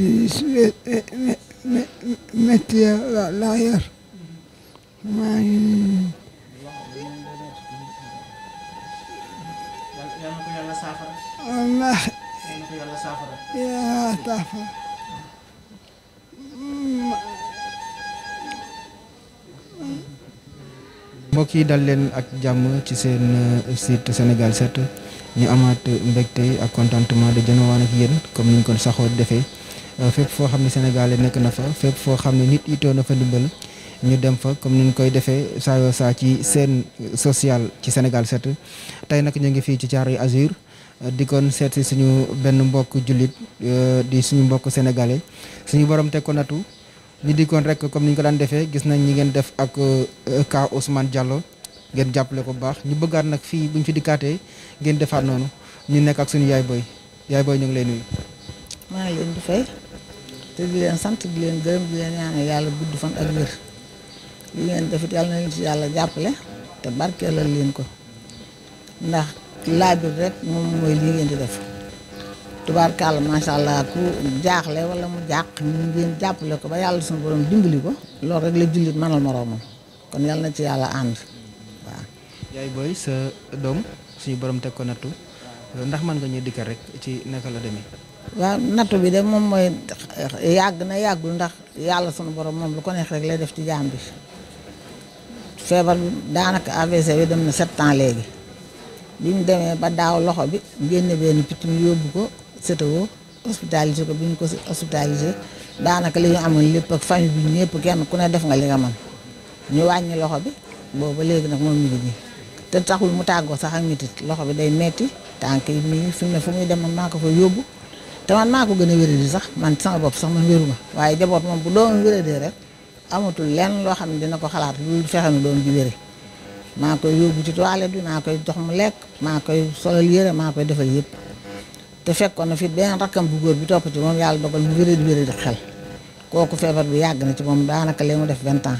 métti métti laa yor maa ngi wallaahi yaa yi dal leen ak jàmm ci seen euh, site Sénégal 7 ñu amaat mbégte ak contentement de jënowaan ak yéen comme niñ kon saxoo defee Euh, fépp foo xam ne sénégalais nekk na fa fépp foo xam ne nit itoo na fa ndimbal ñu dem fa comme ni ñu koy defee saa saa ci seen social ci Sénégal 7 tey nag ñu ngi fii ci Caaroy Azur euh, di kon seet si suñu benn mbokk jullit euh, di suñu mbokk sénégalais suñu borom teg ko natu ñu di kon rek comme ni ñu ko daan defee gis nañ ñi ngeen def ak ka Ousmane Diallo ngeen jàppale ko bu baax ñu bëggaat nag fii bu ñu fi dikkaatee ngeen defaat noonu ñu nekk ak suñu yaay boy yaay ñu ngi lay nuyu. te di leen sant di leen gërëm di leen ñaanal yàlla gudd fan ak wér li ngeen defit yàlla na leen ci yàlla jàppale te barkeelal leen ko ndax laabir rek moom mooy li ngeen di def tubaarkàlla macha allah ku jaaxle wala mu jàq ñu ngeen jàppale ko ba yàlla suñu borom dimbali ko loolu rek la jullit manal moroomam kon yàlla na ci yàlla ànd waaw. yaay booy sa doom suñu borom teg ko nattu ndax mën nga ñu dikkal rek ci naka la demee. waaw nattu bi de moom mooy yàgg na yàggul ndax yàlla sunu borom moom lu ko neex rek lay def ci jaam bi feebar bi daanaka AVC bi dem na sept ans léegi bi mu demee ba daaw loxo bi génne benn picc yóbbu ko sétawoo hospitalisé ko bi ñu ko hospitalisé daanaka li ñu amoon lépp ak famille bi ñëpp kenn ku ne def nga li nga man ñu wàññi loxo bi booba léegi nag moom mi ngi nii te taxul mu tàggoo sax ak mitit loxo bi day metti tànk yi mi fi mu ne fu muy demoon maa ko fa yóbbu te man maa ko gën a wéradi sax man sama bopp sax man wéru ma waaye jaboot moom bu doon wéradee rek amatul lenn loo xam ne dina ko xalaat lu fexe nu doom ji wére maa koy yóbbu ci toilette bi koy jox mu lekk maa koy solal yére maa koy defal yëpp te fekkoon na fit benn rakkam bu góor bi topp ci moom yàlla dogal mu wéradi wéradi xel kooku feebar bi yàgg na ci moom daanaka lee mu def vingt ans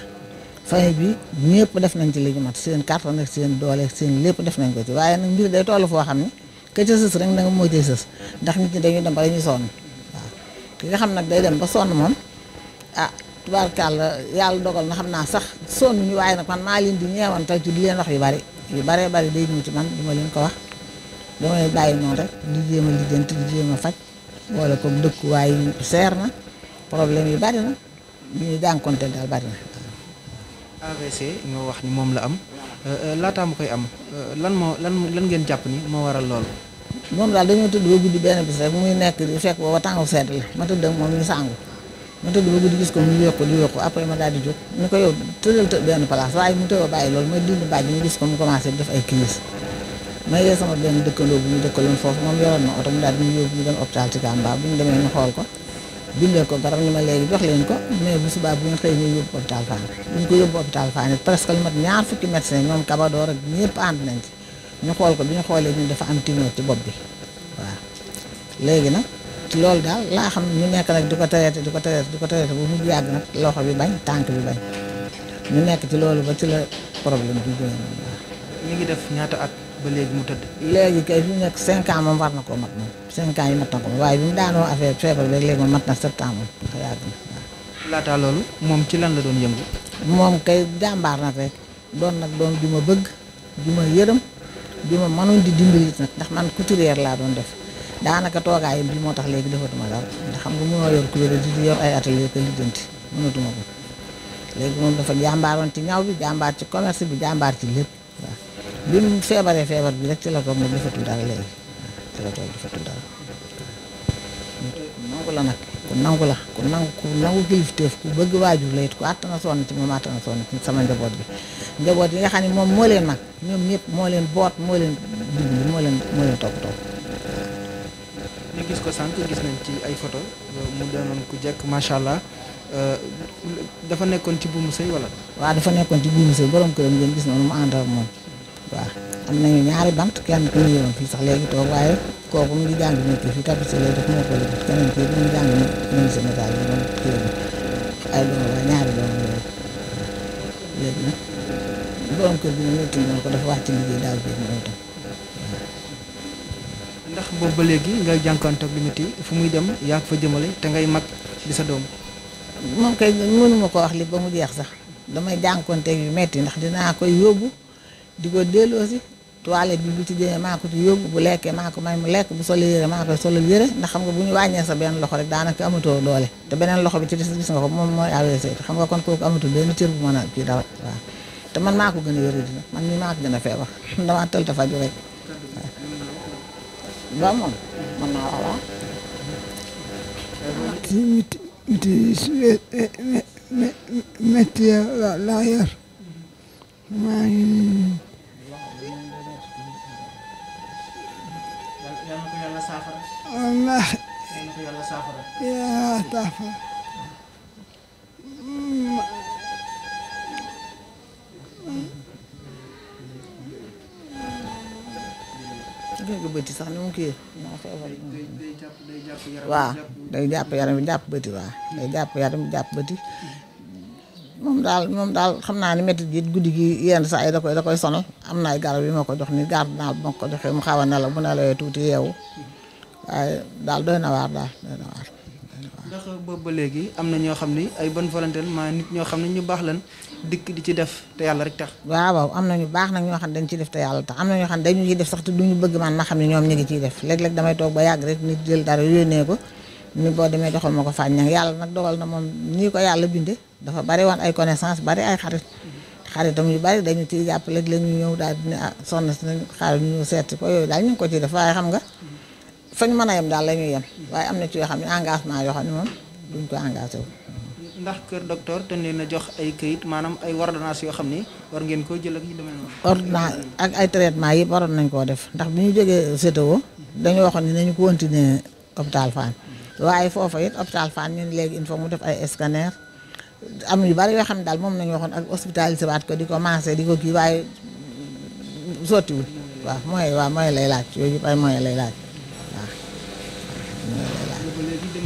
famille bi ñëpp def nañ ci li ñu seen kàttan ak seen doole seen lépp def nañ ko ci waaye nag mbir day xam ne ka ca sës rek na mooy tey sës ndax nit ñi dañuy dem ba dañuy sonn waaw ki nga xam nag day dem ba sonn moom ah tubaarkàlla yàlla dogal na xam naa sax sonn ñu waaye nag man maa leen di ñeewante ci di wax yu bari yu baree bari day ñëw ci man du ma leen ko wax dama leen bàyyi noonu rek di jéem a lijjanti di jéem a faj wala comme dëkkuwaay yi seer na problème yu bari na ñu ñuy jànkonteel daal bari na. AVC nga wax ni moom la am euh, euh, laataa mu koy am euh, lan moo lan ngeen jàpp ni moo waral loolu. moom daal dañoo tëdd ba guddi benn bis rek muy nekk di fekk booba tàngu sedd la ma tëdd ak moom ñu sangu ma tëdd ba guddi gis ko mu yokku di yokku après ma daal jóg ni ko yow tëddal të benn place waaye mu tëdd bàyyi loolu mooy dindi bàjj mu gis ko mu commencé def ay crise ma yee sama benn dëkkandoo bu ñu dëkkaloon foofu moom yoroon na oto mu daal ko. bindal ko garab ni ma léegi jox leen ko mais bu subaa bu ñu xëy ñu yóbbu hôpital Fann bu ñu ko yóbbu hôpital Fann presque lu mat ñaar fukki médecin ñoom kabadoor ak ñëpp ànd nañ ci ñu xool ko bi ñu xoolee ñu dafa am timoor ci bopp bi waaw léegi nag ci loolu daal laa xam ñu nekk nag di ko traité di ko traité di ko traité bu mujj yàgg nag loxo bi bañ tànk bi bañ ñu nekk ci loolu ba ci la problème bi ñu ngi def ñaata at. ba léegi mu tëdd. léegi kay fi nekk cinq moom war na koo mat moom cinq yi mat na ko waaye bi mu daanoo affaire feebar bi léegi moom mat na sept ans moom wax yàgg na waaw. laataa loolu moom ci lan la doon yëngu. moom kay jàmbaar nag rek doon nag doom ju ma bëgg ju ma yërëm ju ma mënoon di dimbali nag ndax man couturière laa doon def daanaka toogaayam bi moo tax léegi defatuma dara ndax xam nga mënoo yor couleur di yor ay atelier ko lijjanti mënatuma ko léegi moom dafa jàmbaaroon ci ñaw bi jàmbaar ci commerce bi jàmbaar ci lépp. bi mu feebaree feebar bi rek ci la ko mu defatul dara léegi ci la toog defatul dara ku nangu la nag ku nangu la ku nangu ku nangu kilifteef ku bëgg waajur la it ku àttana sonn ci moom àttana sonn ci sama njaboot bi njaboot yi nga xam ne moom moo leen nag ñoom ñëpp moo leen boot moo leen dimbali moo leen moo leen topp topp ñu gis ko sànq gis nañ ci ay photo mu doonoon ku jekk macha allah euh, dafa nekkoon ci buumu sëy wala. waaw dafa nekkoon ci buumu sëy borom këram ngeen gis noonu mu ànd ak moom. waaw am nañu ñaari bant kenn ku ñu yoroon fii sax léegi toog waaye kooku mu ngi jàng métier fii tabi si lay def moo ko lëg keneen kii mu ngi jàng menuisier métal bi waaye ñaari doom yooyu léegi nag borom bi moom ko dafa wàcc liggéey daal boobu ba léegi ngay jànkuwante ak lu métti fu muy dem yaa ngi fa jëmale te ngay mag di sa doom moom kay mënuma ko wax li ba mu jeex sax damay jànkuwante yu metti ndax dinaa koy yóbbu di ko delloo si bi bu ci jëmee maa ko yóbbu bu lekkee maa ko may mu lekk bu solee yére maa koy solal yére ndax xam nga bu ñu wàññee sa benn loxo rek daanaka amatoo doole te beneen loxo bi ci des gis nga ko moom mooy AVC xam nga kon kooku amatul benn cër bu mën a kii dawal te man maa ko gën a wéru dina man mii maa gën a feebar damaa tël te faju rek waaw moom mën naa wax waaw miti miti laa yor saafara. wallaahi. sax ni mu kii moo feebar day jàpp yaram bi jàpp bëti waa day jàpp yaram bi jàpp bëti moom daal moom daal xam naa ni métti gi guddi gi yenn saa yi da koy da koy sonal am na ay garab yi ma ko jox ni garab naa bu ma ko joxee mu xaw a nelaw bu nelawee tuuti yeewu waaye daal doy na waar daal doy na waar. ndax boobu ba léegi am na ñoo xam ni ay bonne volonté maa nit ñoo xam ne ñu baax lan dikk di ci def te yàlla rek tax. waaw waaw am na ñu baax nag ñoo xam ne dañ ciy def te yàlla tax am na ñoo xam ne dañu ciy def sax te duñu bëgg man xam ne ñoom ñu ngi ciy def léeg-léeg damay toog ba yàgg rek nit jël dara yónnee ko ni boo demee joxal ma ko fàñ ña yàlla nag dogal na moom nii ko yàlla binde dafa bari wan ay connaissance bari ay xarit xaritam yu bari dañu ciy jàpp léeg-léeg ñu ñëw daal di ne ah si nañ xaaral ñu ñëw seeti ko yooyu daal ñu ko ciy def waaye nga fañ mën a yem daal la ñuy waaye am na ci yoo xam ne engagement yoo xam ne moom ko engagé ndax kër docteur te nee na jox ay këyit maanaam ay ordonnance yoo xam ni war ngeen koo jël ak yu demee noonu. ordonnance ay traitement yi waroon nañ koo def ndax bi ñu jógee CTO dañoo waxoon ne nañu continuer hôpital fan waaye foofa it hôpital Fann ñun léegi il faut mu def ay scanner am yu bari yoo xam ne daal moom nañu waxoon ak hospitalisé waat ko di ko commencé di ko kii waaye sottiwul waaw mooy waaw mooy lay laaj yooyu yëpp ay lay laaj. voilà.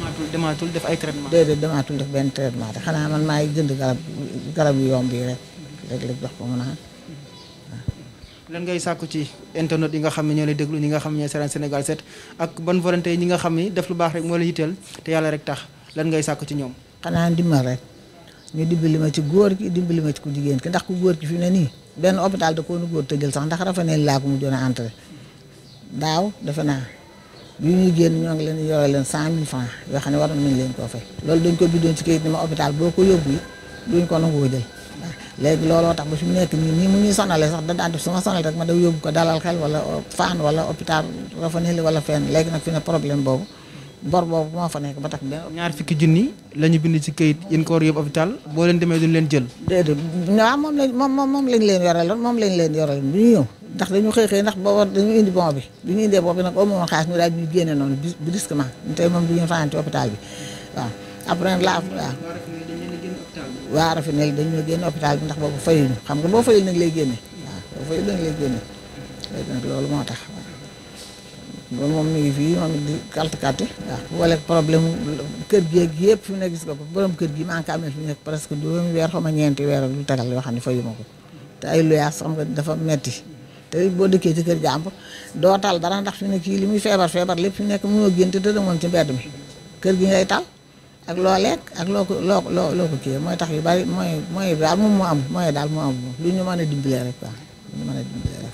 ba demaatul def ay traitement. déedéet demaatul def benn traitement te xanaa man maay jënd garab garab yu yomb yi rek léeg-léeg jox ko mu naan. lan ngay sàkku ci internet yi nga xam ne ñoo lay déglu ñi nga xam ne ñooy seetaan Sénégal 7 ak bonne volonté yi ñi nga xam ni def lu baax rek moo la yitteel te yàlla rek tax lan ngay sàkku ci ñoom. xanaa ndimbal rek ñu li ma ci góor gi dimbali ma ci ku jigéen ki ndax ku góor ki fi ne nii benn hôpital da koo nu góor tëjal sax ndax rafa neen laa ko mu doon a daaw bi ñuy génn ñoo ngi leen yore leen cent mille francs yoo xam ne waroon nañ leen koo fay loolu dañ ko bindoon ci kayit ni ma hôpital boo ko yóbbu yi duñ ko nangoo looloo tax ba fi nekk nii nii mu ñuy sonalee sax da daan def su ma sonal rek ma daw yóbbu ko dalal xel wala faan wala hôpital Rafanel wala fenn léegi nag fi ne problème boobu bor boobu moo fa nekk ba tax benn. ñaar fukki junni la ñu bind ci kayit yéen ko war yóbbu hôpital boo leen demee duñ leen jël. déedéet waaw moom lañ moom moom lañ leen yoreloon moom lañ leen yoreloon bi ñu ñëw ndax dañu xëy xëy ndax boo war dañu indi bon bi bi ñu indee bon bi nag amoon xaalis ñu daal ñu génne noonu bi brusquement tey moom bi ñu fanaan ci hôpital bi waaw après la waaw waa rafi ne dañu génn hôpital bi ndax boobu fayuñu xam nga boo fayul nag lay génne loolu moo tax moom mi ngi fii moom di kalte kalte waaw wala problème kër gi ak yëpp fi mu ne gis ko ko borom kër gi maa ngi ko amee fi mu nekk presque juróomi weer xaw ma ñeenti weer ak lu tegal yoo xam ne fayuma ko te ay luyaas xam dafa metti te boo dëkkee ci kër jàmb doo tal dara ndax fi ne kii li muy feebar feebar lépp fi nekk mënoo génte te demoon ci mbedd mi kër gi ngay tal ak loo lekk ak loo ko loo loo loo ko tax yu bari mooy mooy daal moom moo am mooy daal moo am lu ñu mën a dimbalee rek waaw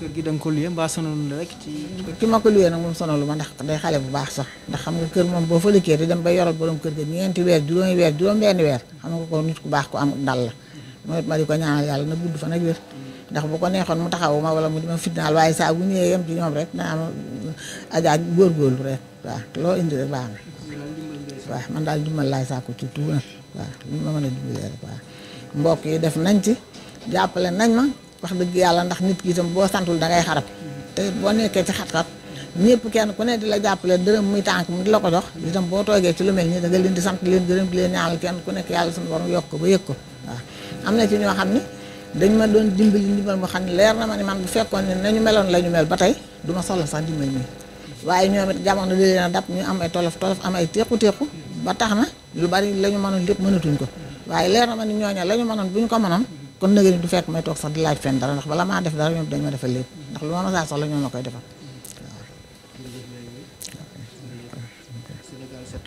lu gi da nga ko luyee mbaa sonalul la rek ci. ki ma ko luyee nag moom sonalu ma ndax day xale bu baax sax ndax xam nga kër moom boo fa lëkkee te dem ba yoral borom kër ga ñeenti weer juróomi weer juróom benn weer xam nga ko nit ku baax ku am dal la mooy ma di ko ñaanal yàlla na gudd fa nag wér ndax bu ko neexoon mu taxawuma ma wala mu di ma fitnaal waaye saa bu ñëwee yem ci ñoom rek naa ma ajaa góorgóorlu rek waaw loo indi rek baax na waaw man daal dimbal laay sàkku ci tuuna waaw a dimbalee rek waaw mbokk yi def nañ ci jàppale nañ ma wax dëgg yàlla ndax nit ki itam boo santul da xarab te boo nekkee ci xat-xat ñëpp kenn ku ne di la jàppale dërëm muy tànk mu di la ko jox tam boo toogee ci lu mel nii da nga leen di sant leen gërëm di leen ñaanal kenn ku nekk yàlla suñu borom yokk ba yëg ko na xam ni dañu ma doon dimbali ndimbal moo xam ne leer na ma ne man bu fekkoon ne nañu meloon la ñu mel ba tey du ma soxla sax dimbal mi waaye ñoom it jamono li leen dab ñu am ay tolof tolof am ay teeku teeku ba tax na lu bari lañu ñu mënoon lépp mënatuñ ko waaye leer na ma ni ñooña la ma mënoon bu ñu ko mënoon kon nëgë ni du fekk may toog sax di laaj fenn dara ndax bala maa def dara ñoom dañ ma defal lépp ndax lu ma mën a soxla ñoom ma koy defal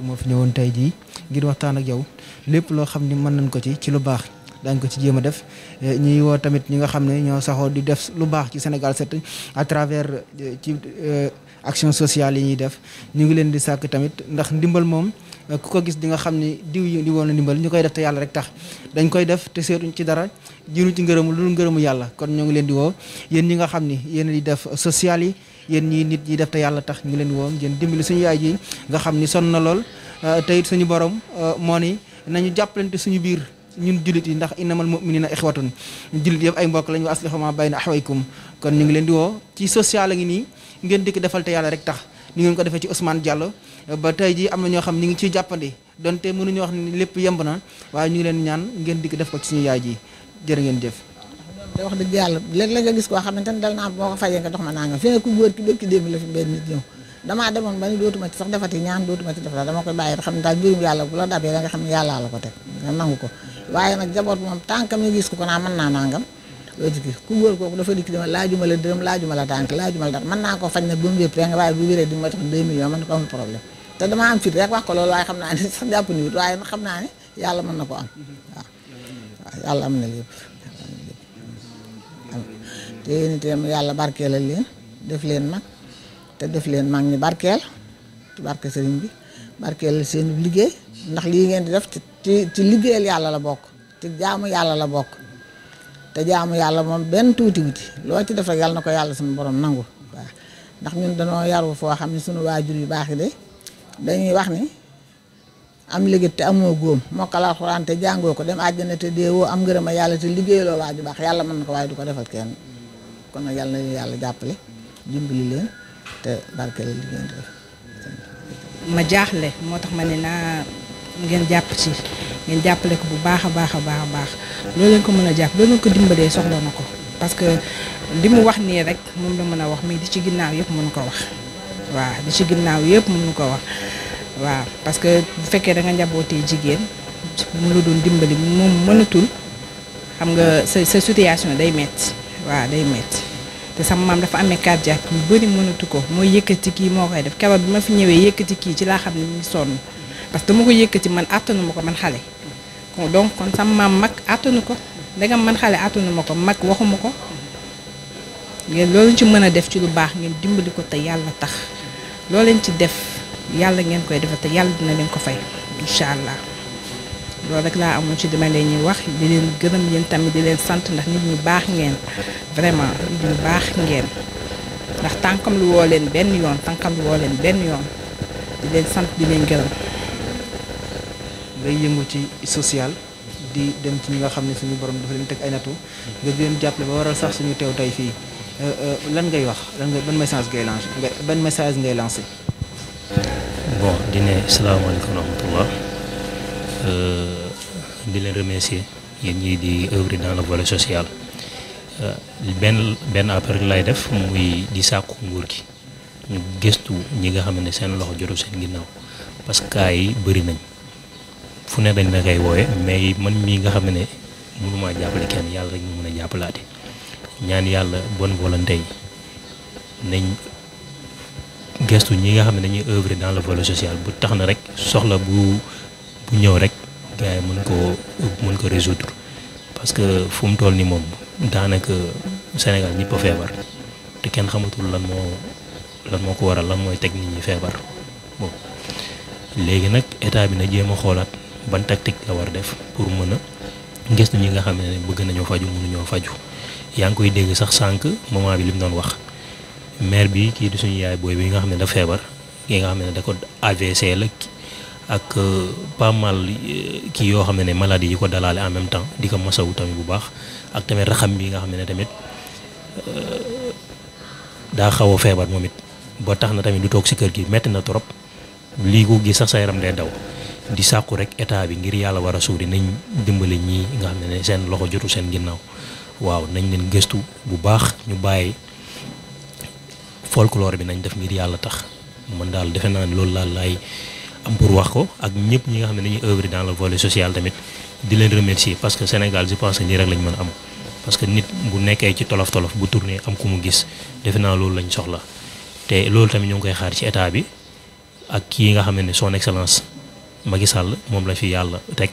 moo fi ñëwoon tey jii ngir waxtaan ak yow lépp loo xam ni mën nañ ko ci ci lu baax daañ ko ci jéem a def ñuy woo tamit ñi nga xam ne ñoo saxoo di def lu baax ci Sénégal set à travers euh, ci euh, action sociale yi ñuy def ñu ngi leen di sàkk tamit ndax ndimbal moom euh, ku ko gis di nga xam ni diw yi di na ndimbal ñu koy def te rek tax dañ koy def te seetuñ ci dara jiinu ci ngërëmu lu ngërëmu yàlla kon ñoo ngi leen di woo yéen ñi nga xam ni yéen di def social yi yéen ñi nit ñi def te yàlla tax ñu ngi leen di woo ngeen dimbali suñu yaay ji nga xam ni sonn na lool te suñu borom moo ni nañu jàppalante suñu biir ñun jullit yi ndax na mu'minina ixwatun jullit yëpp ay mbokk lañu wa aslihu ma na axwaykum kon ñu ngi leen di woo ci social a ngi nii ngeen dikk defal te yàlla rek tax ni ngeen ko defe ci Ousmane Diallo ba tey ji am na ñoo xam ñu ngi ciy jàppandi donte mënuñu wax ne lépp yemb na waaye ñu ngi leen ñaan ngeen dikk def ko ci suñu yaay ji jërë ngeen jëf da wax dëgg yàlla léeg-léeg nga gis koo xamante ne dal naa boo ko fajee nga dox ma naa nga fi nga ku góor ki bëkki démb la fi benn nit ñëw damaa demoon ba ni dootuma ci sax defati ñaan dootuma ci def dama koy bàyyi xam ne da nga xam ne yàllaa ko teg nga ko waaye nag jaboot moom tànkam ñu gis ko ko naa mën naa nangam loo ci gis ku góor kooku dafa dikk dama laajuma la dërëm laajuma la tànk laajuma la dara mën naa ko faj nag ba mu wér peng waaye bu wéree di ma jox 2 millions man ko amul te damaa am fit rek wax ko loolu waaye xam yàlla mën na ko am waaw waaw yàlla am na lépp te yàlla barkeelal leen def leen mag te def leen mag ñi barkeel ci barke sëriñ bi barkeelal seen liggéey ndax lii ngeen di def ci ci ci liggéeyal yàlla la bokk ci jaamu yàlla la bokk te jaamu yàlla moom benn tuuti wuti loo ci def yàlla na ko yàlla suñu borom nangu waaw ndax ñun dañoo yaru foo xam ne suñu waajur yu baax yi de dañuy wax ni am liggéey te amoo góom mokkal alxuraan te jàngoo ko dem àjjana te deewoo am ngërëm a yàlla te liggéeyaloo waaju baax yàlla mën na ko waaye du ko defal kenn kon nag yàlla na yàlla jàppale dimbali leen te barkeel liggéey ma jaaxle moo tax ma ne naa ngeen jàpp ci ngeen jàppale ko bu baax a baax a baax a baax loolu leen ko mën a jàpp loolu leen ko dimbalee soxla na ko parce que li mu wax nii rek moom la mën a wax mais di ci ginnaaw yëpp mënu ko wax waaw di ci ginnaaw yëpp mënu ko wax waaw parce que bu fekkee da nga njabootee jigéen mu la doon dimbali moom mënatul xam nga sa sa situation day metti waaw day metti te sama maam dafa amee cardiaque yu bari mënatu ko mooy yëkkati kii moo koy def keroog bi ma fi ñëwee yëkkati kii ci laa xam ne mu ngi sonn parce que dama ko yëkkati man àttanu ma ko man xale donc kon sama maam mag àttanu ko ndegam man xale àttanu ma ko mag waxuma ko ngeen loolu ci mën a def ci lu baax ngeen dimbali ko te yàlla tax loo leen ci def yàlla ngeen koy defal te yàlla dina leen ko fay incha allah loolu rek laa amoon ci dama leen ñuy wax di leen gërëm leen tamit di leen sant ndax nit ñu baax ngeen vraiment ñu baax ngeen ndax tànkam lu woo leen benn yoon tànkam lu woo leen benn yoon di sant di leen gërëm ngay yëngu ci social di dem ci ñi nga xam ne suñu borom dafa leen teg ay nattu nga di leen jàppale ba waral sax suñu teew tey fii euh, euh, lan ngay wax lan ngay ban message ngay lancé ban message ngay lancé. bon di ne salaamaaleykum wa rahmatullah euh, di leen remercier yéen ñii di œuvre dans le volet social benn benn appel lay def muy di sàkku nguur gi gëstu ñi nga xam ne seen loxo jotu seen ginnaaw parce que yi bëri nañ. fu ne dañ la koy wooye mais man mii nga xam ne mënumaa jàppale kenn yàlla rek mu mën a jàppalaate ñaan yàlla bon volonté yi nañ gestu ñi nga xam ne dañuy œuvrer dans la volet sociale bu tax na rek soxla bu bu ñëw rek gars yi mën ko mën ko résoudre parce que fu mu toll nii moom daanaka Sénégal ñëpp feebar te kenn xamatul lan moo lan moo ko waral lan mooy teg nit ñi feebar léegi nag état bi na jéem xoolaat. ban tactique la war def pour mën a gëstu ñi nga xam ne bëgg nañoo faju mënuñoo faju yaa ngi koy dégg sax sànq moment bi li mu doon wax maire bi kii di suñu yaay booy bi nga xam ne dafa feebar ki nga xam ne da ko AVC la ak euh, pas mal euh, kii yoo xam ne maladie yi ko dalaale en même temps di ko masawu tamit bu baax ak tamit raxam bi nga xam ne tamit euh, daa xaw feebar moom it boo tax na tamit du toog si kër gi metti na trop lii ko gis sax sa yaram day daw. di sàkku rek état bi ngir yàlla war a suuri nañ dimbali ñii nga xam ne seen loxo jotu seen ginnaaw waaw nañ leen gëstu bu baax ñu bàyyi folklore bi nañ def ngir yàlla tax mën daal defe naa ne loolu daal laay am pour wax ko ak ñëpp ñi nga xam ne dañuy œuvre dans le volet social tamit di leen remercier parce que Sénégal je nii rek lañ mën a am parce que nit bu nekkee ci tolof tolof bu tourné am ku mu gis defe naa loolu lañ soxla te loolu tamit ñu koy xaar ci état bi ak kii nga xam ne son excellence. Macky Sall moom la fi yàlla teg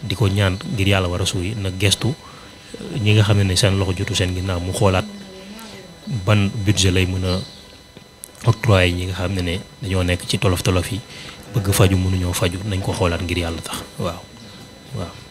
di ko ñaan ngir yàlla war a suuy na gestu eh, ñi nga xam ne seen loxo jotu seen ginnaaw mu xoolaat ban budget lay mën a octroyer ñi nga xam ne ne dañoo nekk ci tolof tolof yi bëgg faju mënuñoo faju nañ ko xoolaat ngir yàlla tax waaw